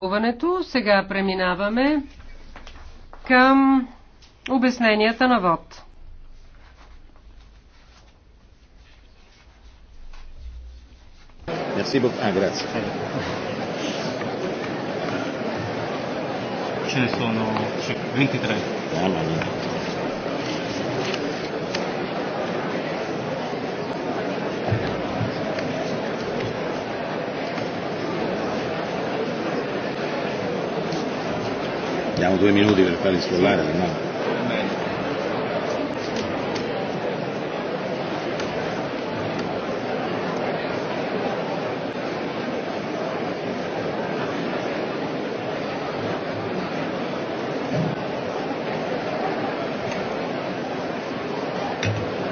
тълкуването. Сега преминаваме към обясненията на ВОД. Merci beaucoup. Ah, grazie. Ce ne sono 23. Mamma mia. abbiamo due minuti per farli sfollare, se no.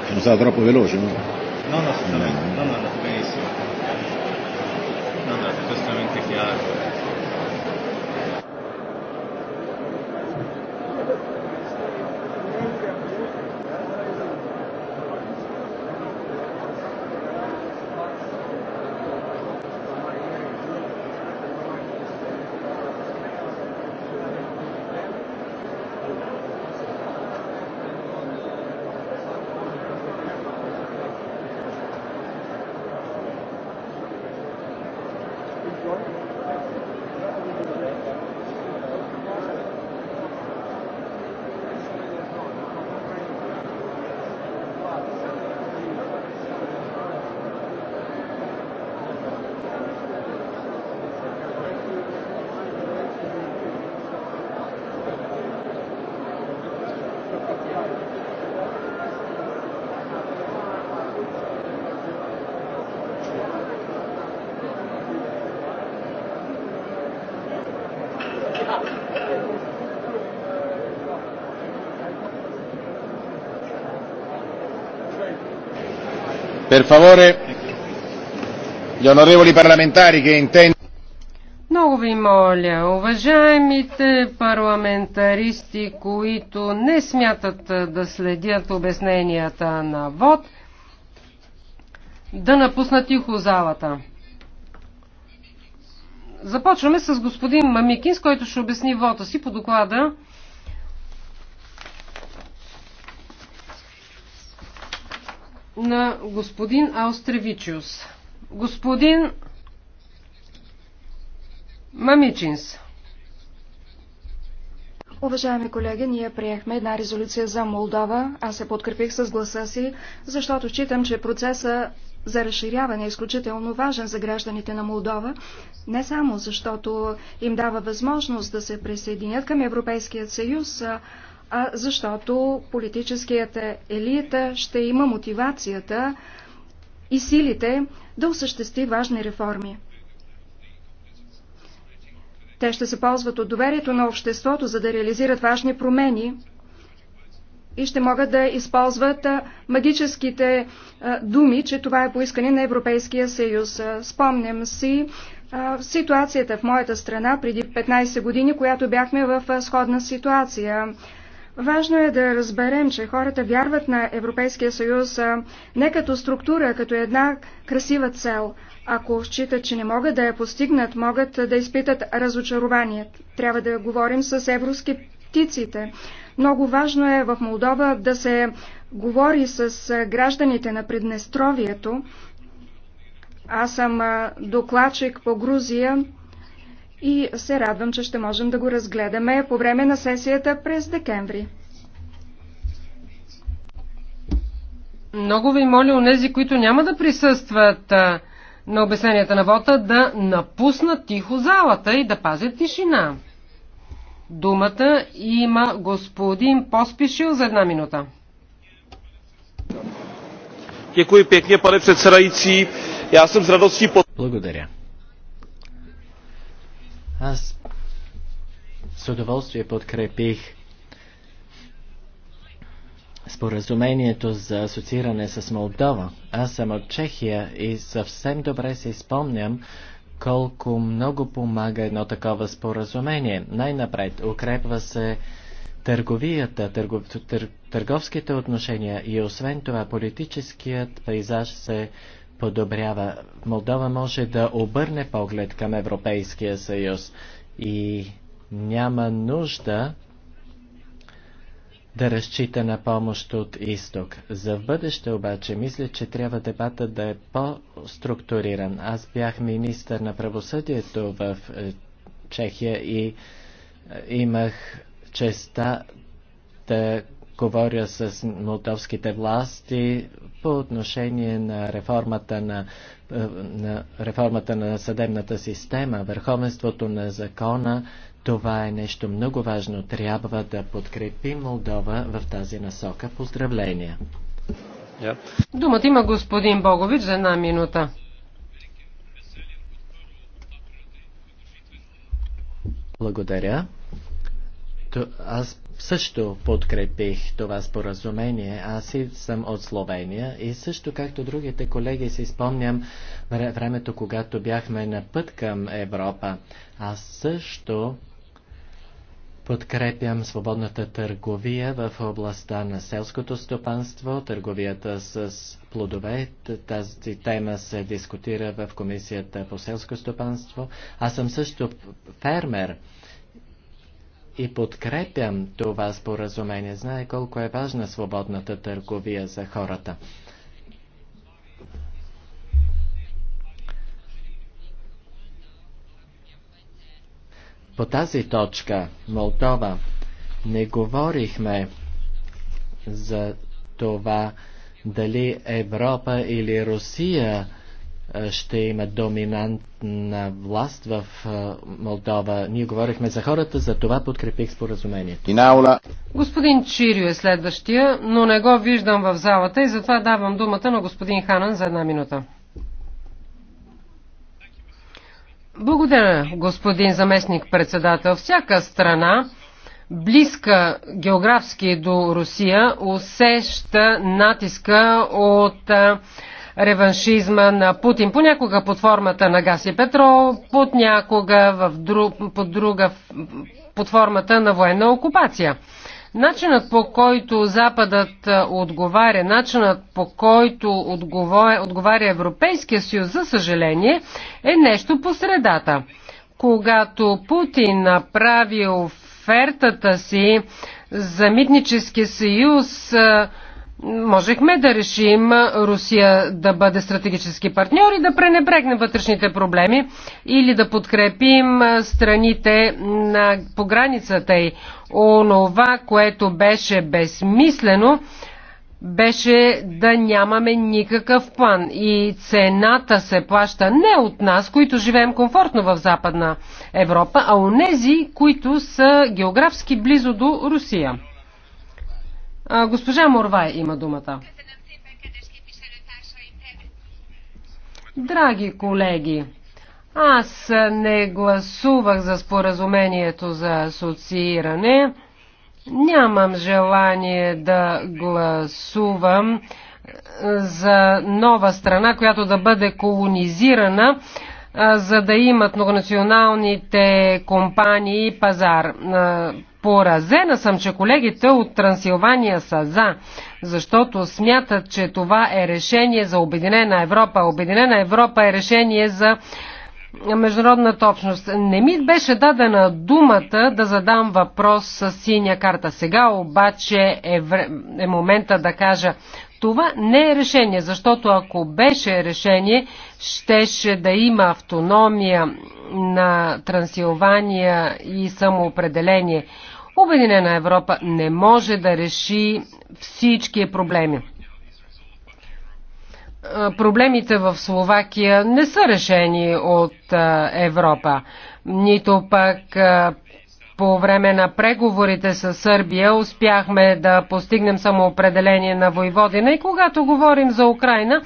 Sono stato troppo veloce, no? No, no, no, No, no, Per favore, gli onorevoli parlamentari che intendono. Много ви моля, уважаемите парламентаристи, които не смятат да следят обясненията на ВОД, да напуснат тихо залата. Започваме с господин Мамикин, с който ще обясни вота си по доклада на господин Аустревичиус. Господин Мамичинс. Уважаеми колеги, ние приехме една резолюция за Молдова. Аз се подкрепих с гласа си, защото считам, че процеса за разширяване е изключително важен за гражданите на Молдова, не само защото им дава възможност да се присъединят към Европейския съюз, а защото политическият елита ще има мотивацията и силите да осъществи важни реформи. Те ще се ползват от доверието на обществото, за да реализират важни промени и ще могат да използват магическите думи, че това е поискане на Европейския съюз. Спомням си ситуацията в моята страна преди 15 години, която бяхме в сходна ситуация. Важно е да разберем, че хората вярват на Европейския съюз не като структура, като една красива цел. Ако считат, че не могат да я постигнат, могат да изпитат разочарование. Трябва да говорим с евроскептиците. Много важно е в Молдова да се говори с гражданите на Приднестровието. Аз съм докладчик по Грузия и се радвам, че ще можем да го разгледаме по време на сесията през декември. Много ви моля онези, които няма да присъстват на обясненията на вота, да напуснат тихо залата и да пазят тишина. Думата има господин Поспишил за една минута. Děkuji pěkně, pane předsedající. Já jsem s radostí... Благодаря. Аз с удоволствие подкрепих споразумението за асоцииране с Молдова. Аз съм от Чехия и съвсем добре си спомням колко много помага едно такова споразумение. Най-напред укрепва се търговията, търгов, тър, търговските отношения и освен това политическият пейзаж се подобрява. Молдова може да обърне поглед към Европейския съюз и няма нужда да разчита на помощ от изток. За в бъдеще обаче мисля, че трябва дебата да е по-структуриран. Аз бях министър на правосъдието в е, Чехия и е, имах честа да говоря с молдовските власти по отношение на реформата на, е, на, реформата на съдебната система, върховенството на закона. Това е нещо много важно. Трябва да подкрепим Молдова в тази насока. Поздравления! Yeah. Думата има господин Богович за една минута. Благодаря аз също подкрепих това споразумение. Аз и съм от Словения и също както другите колеги си спомням времето, когато бяхме на път към Европа. Аз също Подкрепям свободната търговия в областта на селското стопанство, търговията с плодове. Тази тема се дискутира в Комисията по селско стопанство. Аз съм също фермер и подкрепям това споразумение. Знае колко е важна свободната търговия за хората. По тази точка, Молдова, не говорихме за това дали Европа или Русия е, ще има доминантна власт в е, Молдова. Ние говорихме за хората, за това подкрепих споразумението. Господин Чирио е следващия, но не го виждам в залата и затова давам думата на господин Ханан за една минута. Благодаря, господин заместник председател. Всяка страна, близка географски до Русия, усеща натиска от е, реваншизма на Путин. Понякога под формата на газ и петрол, някога в друг, под друга под формата на военна окупация. Начинът по който Западът отговаря, начинът по който отговаря, отговаря Европейския съюз, за съжаление, е нещо по средата. Когато Путин направи офертата си за митнически съюз, можехме да решим Русия да бъде стратегически партньор и да пренебрегнем вътрешните проблеми или да подкрепим страните на, по границата й. Онова, което беше безмислено, беше да нямаме никакъв план и цената се плаща не от нас, които живеем комфортно в Западна Европа, а от нези, които са географски близо до Русия. А, госпожа Морвай има думата. Драги колеги, аз не гласувах за споразумението за асоцииране. Нямам желание да гласувам за нова страна, която да бъде колонизирана за да имат многонационалните компании и пазар. Поразена съм, че колегите от Трансилвания са за, защото смятат, че това е решение за Обединена Европа. Обединена Европа е решение за международната общност. Не ми беше дадена думата да задам въпрос с синя карта. Сега обаче е, е момента да кажа това не е решение, защото ако беше решение, щеше да има автономия на Трансилвания и самоопределение. Обединена Европа не може да реши всички проблеми. Проблемите в Словакия не са решени от Европа, нито пък по време на преговорите с Сърбия успяхме да постигнем самоопределение на Войводина и когато говорим за Украина,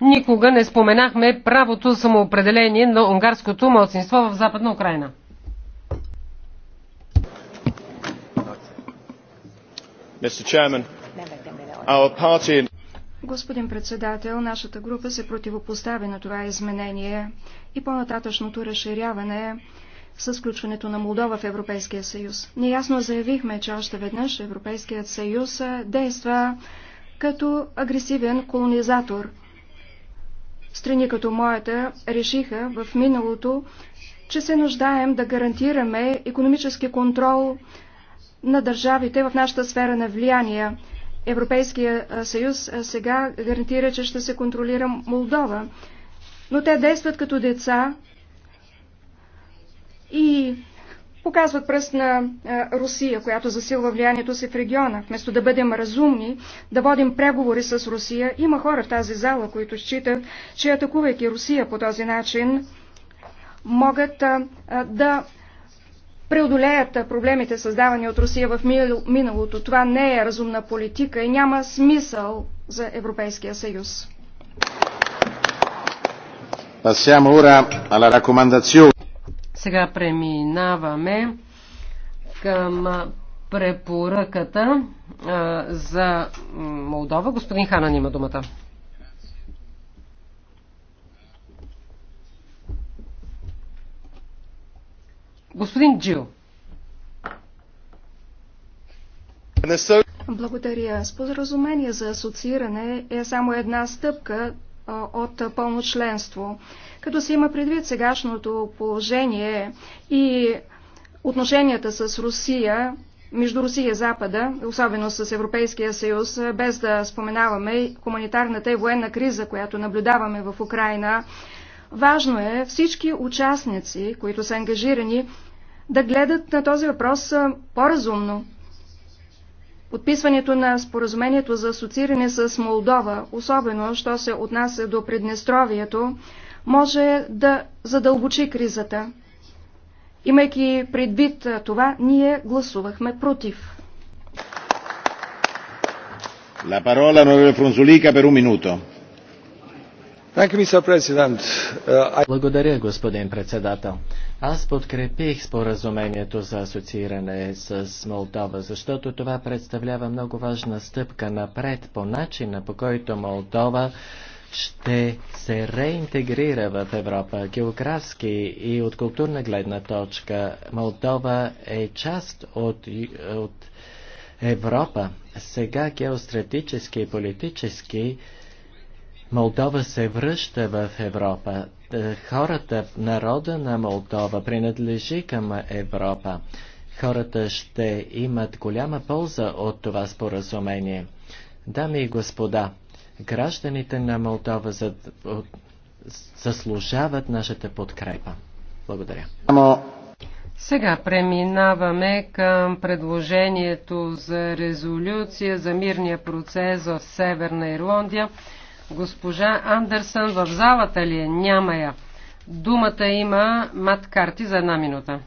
никога не споменахме правото самоопределение на унгарското младсинство в Западна Украина. Господин председател, нашата група се противопостави на това изменение и по-нататъчното разширяване с включването на Молдова в Европейския съюз. Неясно заявихме, че още веднъж Европейският съюз действа като агресивен колонизатор. Страни като моята решиха в миналото, че се нуждаем да гарантираме економически контрол на държавите в нашата сфера на влияние. Европейския съюз сега гарантира, че ще се контролира Молдова. Но те действат като деца, и показват пръст на е, Русия, която засилва влиянието си в региона. Вместо да бъдем разумни, да водим преговори с Русия, има хора в тази зала, които считат, че атакувайки Русия по този начин, могат е, е, да преодолеят проблемите, създавани от Русия в миналото. Това не е разумна политика и няма смисъл за Европейския съюз. Passiamo ora alla raccomandazione. Сега преминаваме към препоръката а, за Молдова. Господин Ханан има думата. Господин Джил. Благодаря. Споразумение за асоцииране е само една стъпка от пълно членство. Като се има предвид сегашното положение и отношенията с Русия, между Русия и Запада, особено с Европейския съюз, без да споменаваме хуманитарната и военна криза, която наблюдаваме в Украина, важно е всички участници, които са ангажирани, да гледат на този въпрос по-разумно, подписването на споразумението за асоцииране с Молдова, особено що се отнася до Приднестровието, може да задълбочи кризата. Имайки предвид това, ние гласувахме против. La parola onorevole Frunzulica per un minuto. Uh, Благодаря, господин председател. Аз подкрепих споразумението за асоцииране с Молдова, защото това представлява много важна стъпка напред по начина, по който Молдова ще се реинтегрира в Европа. Географски и от културна гледна точка Молдова е част от, от Европа. Сега геостратически и политически Молдова се връща в Европа. Е, хората, народа на Молдова принадлежи към Европа. Хората ще имат голяма полза от това споразумение. Дами и господа, гражданите на Молдова заслужават нашата подкрепа. Благодаря. Сега преминаваме към предложението за резолюция за мирния процес в Северна Ирландия. Госпожа Андерсън в залата ли е? Няма я. Думата има Мат Карти за една минута.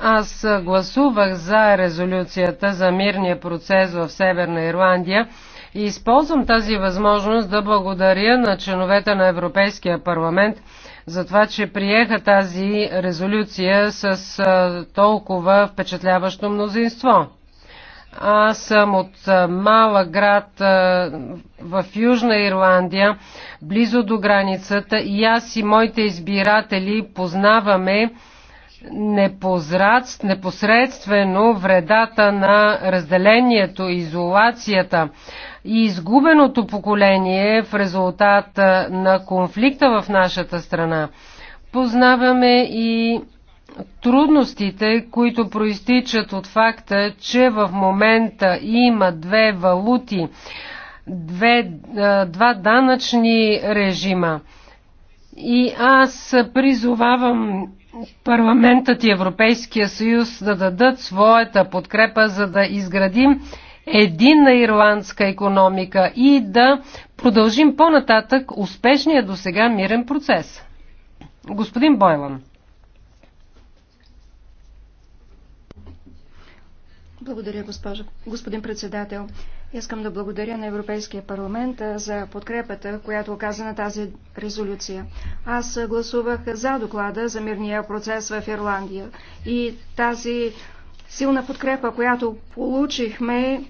Аз гласувах за резолюцията за мирния процес в Северна Ирландия и използвам тази възможност да благодаря на членовете на Европейския парламент – за това, че приеха тази резолюция с толкова впечатляващо мнозинство. Аз съм от малък град в Южна Ирландия, близо до границата и аз и моите избиратели познаваме непосредствено вредата на разделението, изолацията и изгубеното поколение в резултат на конфликта в нашата страна. Познаваме и трудностите, които проистичат от факта, че в момента има две валути, две, два данъчни режима. И аз призовавам парламентът и Европейския съюз да дадат своята подкрепа, за да изградим единна ирландска економика и да продължим по-нататък успешния до сега мирен процес. Господин Бойлан. Благодаря, госпожа, господин председател. Искам да благодаря на Европейския парламент за подкрепата, която оказа на тази резолюция. Аз гласувах за доклада за мирния процес в Ирландия и тази силна подкрепа, която получихме,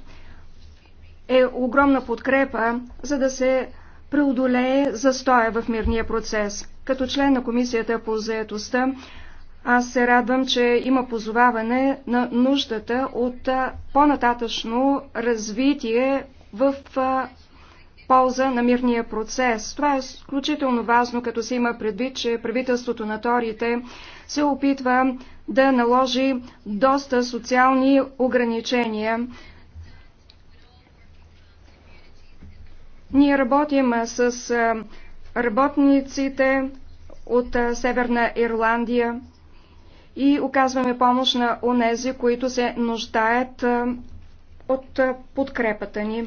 е огромна подкрепа, за да се преодолее застоя в мирния процес. Като член на Комисията по заетостта, аз се радвам, че има позоваване на нуждата от по-нататъчно развитие в полза на мирния процес. Това е изключително важно, като се има предвид, че правителството на Торите се опитва да наложи доста социални ограничения. Ние работим с работниците от Северна Ирландия и оказваме помощ на онези, които се нуждаят от подкрепата ни.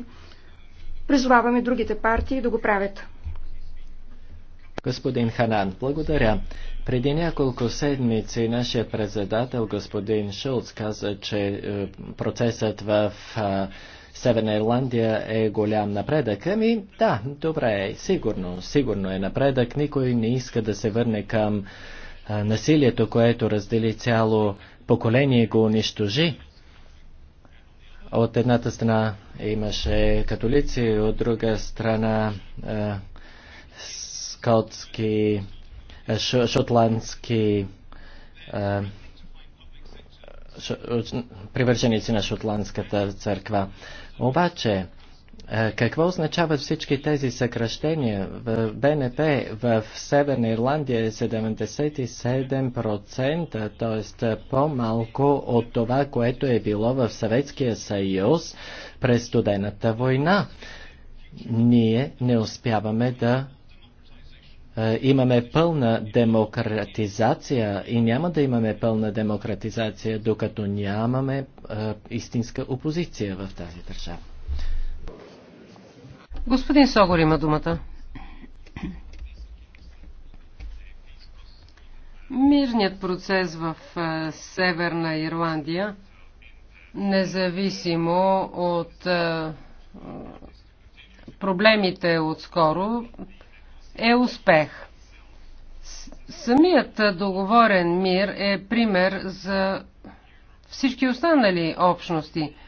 Призоваваме другите партии да го правят. Господин Ханан, благодаря. Преди няколко седмици нашия председател господин Шулц каза, че е, процесът в Северна Ирландия е голям напредък. Ами да, добре, сигурно, сигурно е напредък. Никой не иска да се върне към насилието, което раздели цяло поколение и го унищожи. От едната страна имаше католици, от друга страна е, скотски, шотландски шо, привърженици на шотландската църква. Обаче, е, какво означават всички тези съкръщения? В БНП в Северна Ирландия е 77%, т.е. по-малко от това, което е било в Съветския съюз през студената война. Ние не успяваме да е, имаме пълна демократизация и няма да имаме пълна демократизация, докато нямаме е, истинска опозиция в тази държава. Господин Согор има думата. Мирният процес в е, Северна Ирландия, независимо от е, проблемите отскоро, е успех. Самият договорен мир е пример за всички останали общности –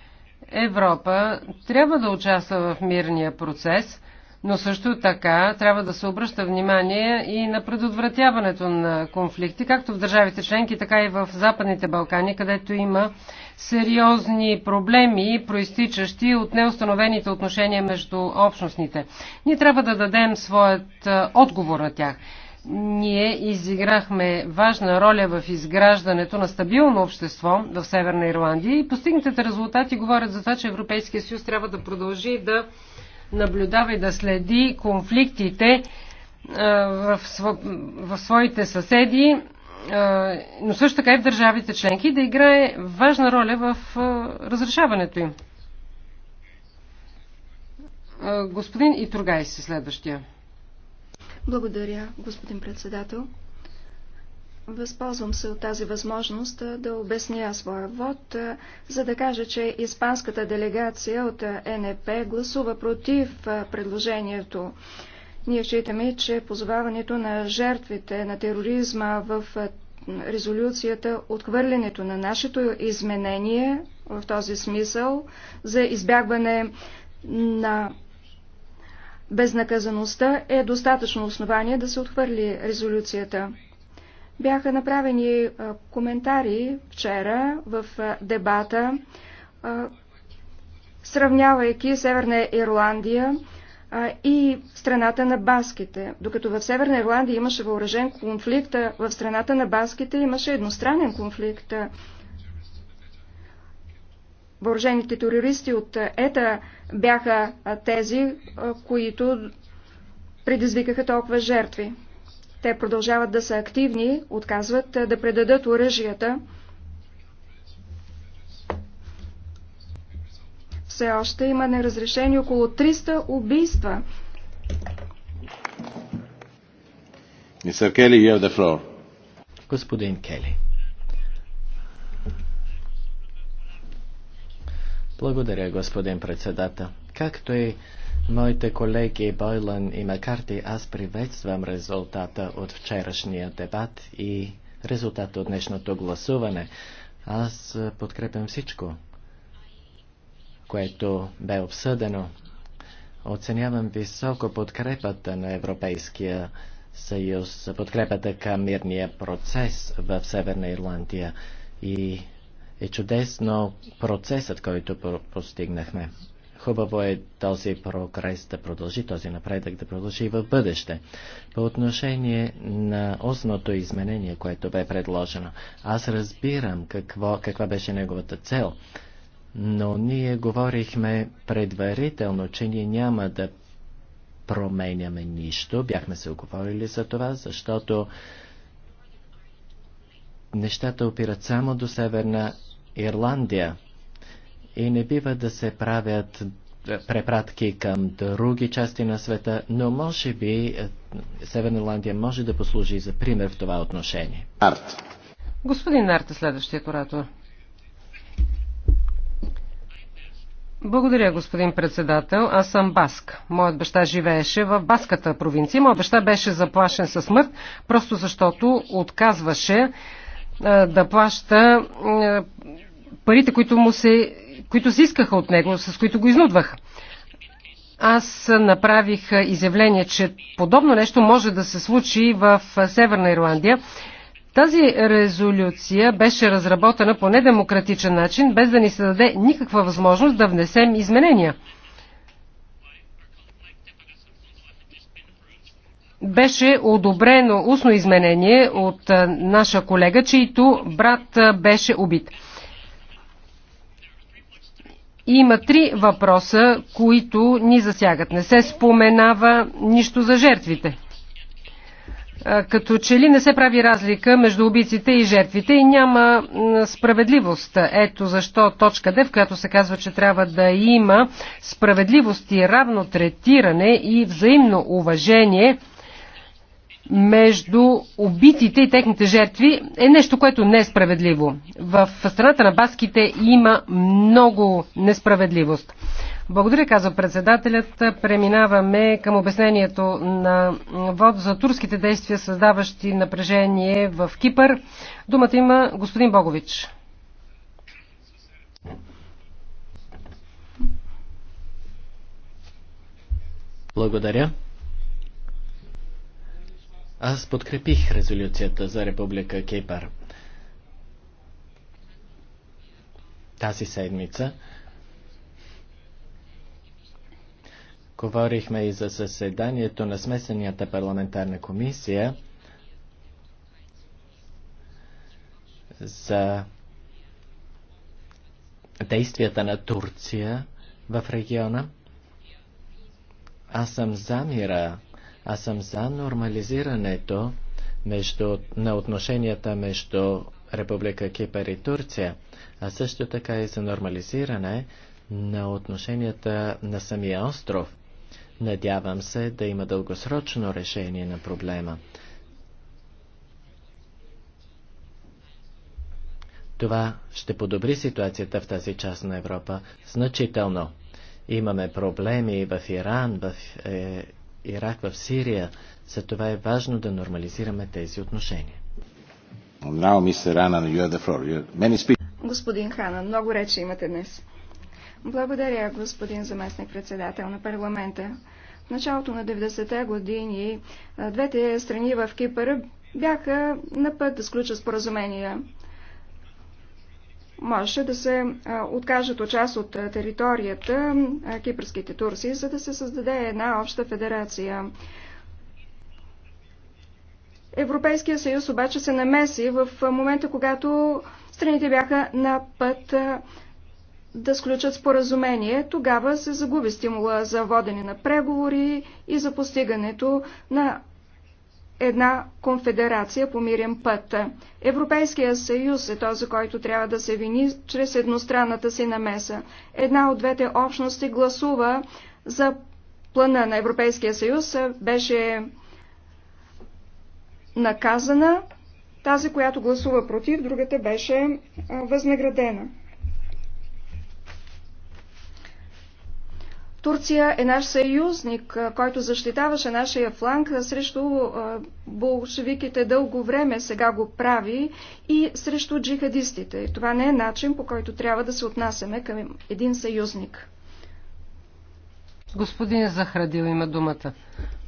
Европа трябва да участва в мирния процес, но също така трябва да се обръща внимание и на предотвратяването на конфликти, както в държавите членки, така и в Западните Балкани, където има сериозни проблеми, проистичащи от неустановените отношения между общностните. Ние трябва да дадем своят отговор на тях. Ние изиграхме важна роля в изграждането на стабилно общество в Северна Ирландия и постигнатите резултати говорят за това, че Европейския съюз трябва да продължи да наблюдава и да следи конфликтите в, своите съседи, но също така и в държавите членки, да играе важна роля в разрешаването им. Господин Итургай е следващия. Благодаря, господин председател. Възползвам се от тази възможност да обясня своя вод, за да кажа, че испанската делегация от НП гласува против предложението. Ние считаме, че позоваването на жертвите на тероризма в резолюцията, отхвърлянето на нашето изменение в този смисъл за избягване на безнаказаността е достатъчно основание да се отхвърли резолюцията. Бяха направени коментари вчера в дебата, сравнявайки Северна Ирландия и страната на баските. Докато в Северна Ирландия имаше въоръжен конфликт, в страната на баските имаше едностранен конфликт въоръжените терористи от ЕТА бяха тези, които предизвикаха толкова жертви. Те продължават да са активни, отказват да предадат оръжията. Все още има неразрешени около 300 убийства. Господин Кели. Благодаря, господин председател. Както и моите колеги Бойлан и Макарти, аз приветствам резултата от вчерашния дебат и резултата от днешното гласуване. Аз подкрепям всичко, което бе обсъдено. Оценявам високо подкрепата на Европейския съюз, подкрепата към мирния процес в Северна Ирландия и е чудесно процесът, който постигнахме. Хубаво е този прогрес да продължи, този напредък да продължи и в бъдеще. По отношение на осното изменение, което бе предложено, аз разбирам какво, каква беше неговата цел, но ние говорихме предварително, че ние няма да променяме нищо. Бяхме се оговорили за това, защото нещата опират само до Северна Ирландия. И не бива да се правят препратки към други части на света, но може би е, Северна Ирландия може да послужи за пример в това отношение. Арт. Господин Арт е следващият оратор. Благодаря, господин председател. Аз съм баск. Моят баща живееше в баската провинция. Моят баща беше заплашен със смърт, просто защото отказваше е, да плаща е, парите, които, му се, които се искаха от него, с които го изнудваха. Аз направих изявление, че подобно нещо може да се случи в Северна Ирландия. Тази резолюция беше разработена по недемократичен начин, без да ни се даде никаква възможност да внесем изменения. Беше одобрено устно изменение от наша колега, чието брат беше убит. Има три въпроса, които ни засягат. Не се споменава нищо за жертвите. Като че ли не се прави разлика между убийците и жертвите и няма справедливост. Ето защо точка Д, в която се казва, че трябва да има справедливост и равно третиране и взаимно уважение – между убитите и техните жертви е нещо, което не е справедливо. В страната на баските има много несправедливост. Благодаря, казва председателят. Преминаваме към обяснението на вод за турските действия, създаващи напрежение в Кипър. Думата има господин Богович. Благодаря. Аз подкрепих резолюцията за Република Кипър. Тази седмица говорихме и за съседанието на смесенията парламентарна комисия за действията на Турция в региона. Аз съм за мира аз съм за нормализирането между, на отношенията между Република Кипър и Турция, а също така и за нормализиране на отношенията на самия остров. Надявам се да има дългосрочно решение на проблема. Това ще подобри ситуацията в тази част на Европа значително. Имаме проблеми в Иран, в е, Ирак, в Сирия. за това е важно да нормализираме тези отношения. Господин Ханан, много речи имате днес. Благодаря, господин заместник председател на парламента. В началото на 90-те години двете страни в Кипър бяха на път да сключат споразумения можеше да се откажат от част от територията кипърските турси, за да се създаде една обща федерация. Европейския съюз обаче се намеси в момента, когато страните бяха на път да сключат споразумение, тогава се загуби стимула за водене на преговори и за постигането на една конфедерация по мирен път. Европейския съюз е този, който трябва да се вини чрез едностранната си намеса. Една от двете общности гласува за плана на Европейския съюз, беше наказана, тази, която гласува против, другата беше възнаградена. Турция е наш съюзник, който защитаваше нашия фланг срещу болшевиките дълго време, сега го прави и срещу джихадистите. това не е начин, по който трябва да се отнасяме към един съюзник. Господин Захрадил има думата.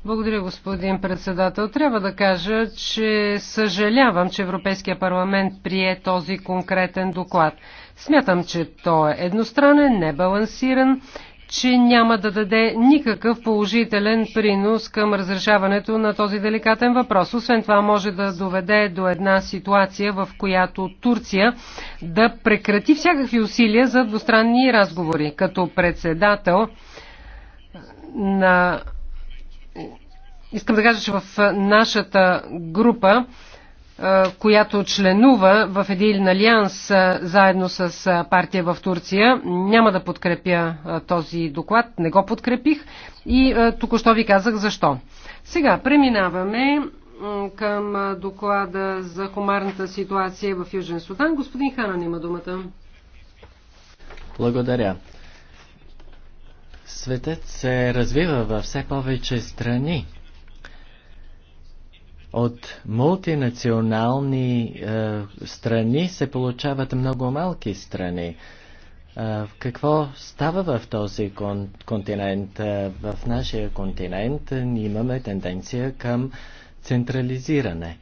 Благодаря, господин председател. Трябва да кажа, че съжалявам, че Европейския парламент прие този конкретен доклад. Смятам, че той е едностранен, небалансиран че няма да даде никакъв положителен принос към разрешаването на този деликатен въпрос. Освен това може да доведе до една ситуация, в която Турция да прекрати всякакви усилия за двустранни разговори. Като председател на... Искам да кажа, че в нашата група която членува в един алианс заедно с партия в Турция. Няма да подкрепя този доклад, не го подкрепих и тук що ви казах защо. Сега преминаваме към доклада за хумарната ситуация в Южен Судан. Господин Ханан има думата. Благодаря. Светът се развива във все повече страни. От мултинационални е, страни се получават много малки страни. Е, какво става в този континент? Е, в нашия континент имаме тенденция към централизиране.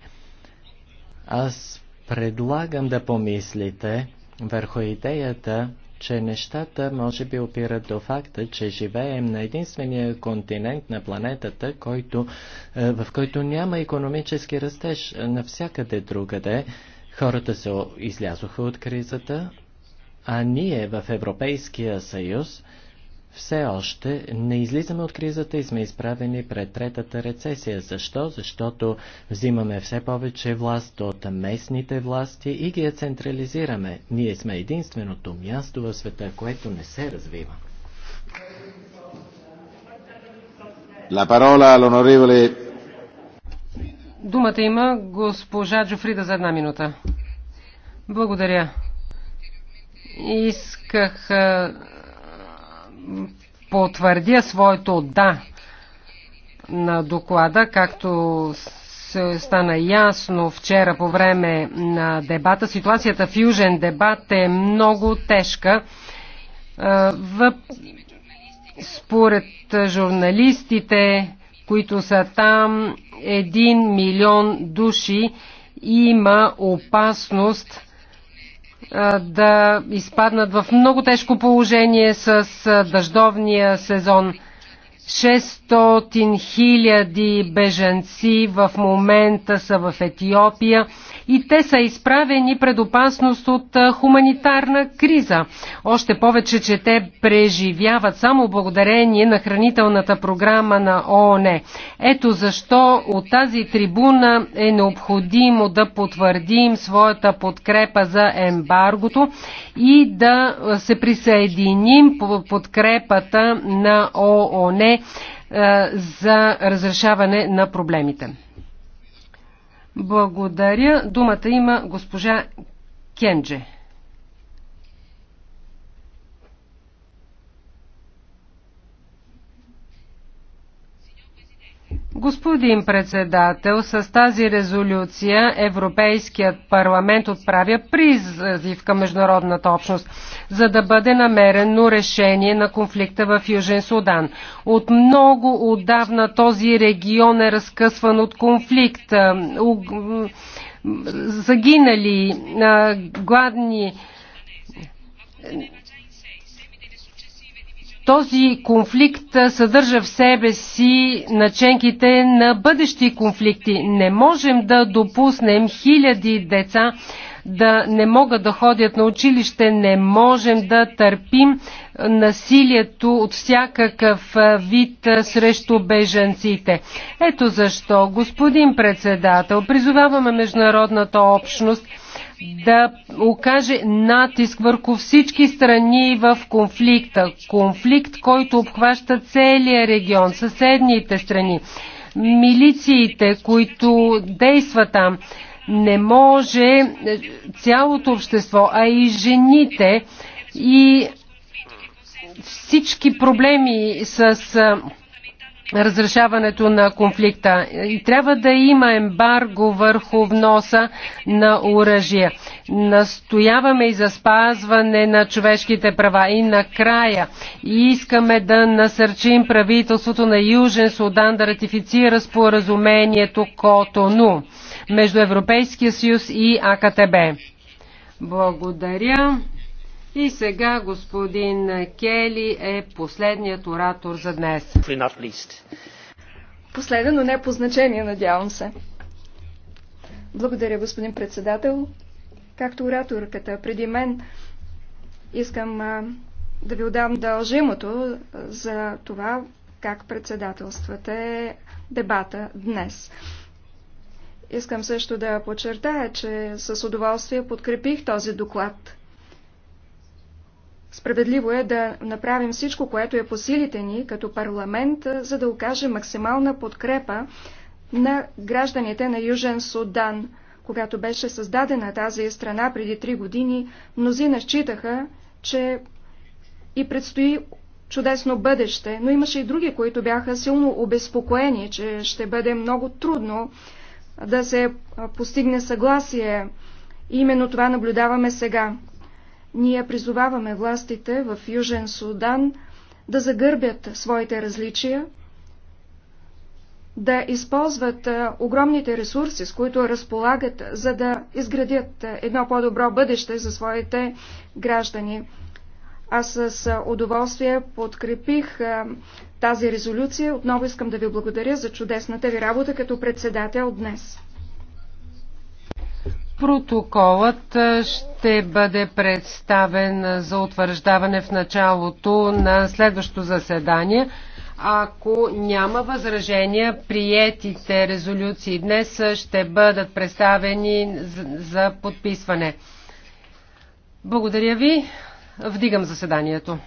Аз предлагам да помислите върху идеята че нещата може би опират до факта, че живеем на единствения континент на планетата, който, е, в който няма економически растеж е, навсякъде другаде. Хората се излязоха от кризата, а ние в Европейския съюз все още не излизаме от кризата и сме изправени пред третата рецесия. Защо? Защото взимаме все повече власт от местните власти и ги е централизираме. Ние сме единственото място в света, което не се развива. La parola all'onorevole. Думата има госпожа Джофрида за една минута. Благодаря. Исках потвърдя своето да на доклада, както се стана ясно вчера по време на дебата. Ситуацията в Южен дебат е много тежка. Е, според журналистите, които са там, един милион души има опасност да изпаднат в много тежко положение с дъждовния сезон. 600 хиляди бежанци в момента са в Етиопия и те са изправени пред опасност от хуманитарна криза. Още повече, че те преживяват само благодарение на хранителната програма на ООН. Ето защо от тази трибуна е необходимо да потвърдим своята подкрепа за ембаргото и да се присъединим по подкрепата на ООН е, за разрешаване на проблемите. Благодаря. Думата има госпожа Кендже. Господин председател, с тази резолюция Европейският парламент отправя призив към международната общност, за да бъде намерено решение на конфликта в Южен Судан. От много отдавна този регион е разкъсван от конфликт. Загинали, гладни, този конфликт съдържа в себе си наченките на бъдещи конфликти. Не можем да допуснем хиляди деца да не могат да ходят на училище, не можем да търпим насилието от всякакъв вид срещу бежанците. Ето защо, господин председател, призоваваме международната общност – да окаже натиск върху всички страни в конфликта. Конфликт, който обхваща целия регион, съседните страни, милициите, които действат там. Не може цялото общество, а и жените и всички проблеми с разрешаването на конфликта. И трябва да има ембарго върху вноса на оръжие. Настояваме и за спазване на човешките права. И накрая искаме да насърчим правителството на Южен Судан да ратифицира споразумението Котону между Европейския съюз и АКТБ. Благодаря. И сега господин Кели е последният оратор за днес. Последен, но не по значение, надявам се. Благодаря, господин председател. Както ораторката преди мен, искам а, да ви отдам дължимото за това, как председателствате дебата днес. Искам също да подчертая, че с удоволствие подкрепих този доклад. Справедливо е да направим всичко, което е по силите ни като парламент, за да окаже максимална подкрепа на гражданите на Южен Судан. Когато беше създадена тази страна преди три години, мнозина считаха, че и предстои чудесно бъдеще, но имаше и други, които бяха силно обезпокоени, че ще бъде много трудно да се постигне съгласие. И именно това наблюдаваме сега. Ние призоваваме властите в Южен Судан да загърбят своите различия, да използват огромните ресурси, с които разполагат, за да изградят едно по-добро бъдеще за своите граждани. Аз с удоволствие подкрепих тази резолюция. Отново искам да ви благодаря за чудесната ви работа като председател днес. Протоколът ще бъде представен за утвърждаване в началото на следващото заседание. Ако няма възражения, приетите резолюции днес ще бъдат представени за подписване. Благодаря ви. Вдигам заседанието.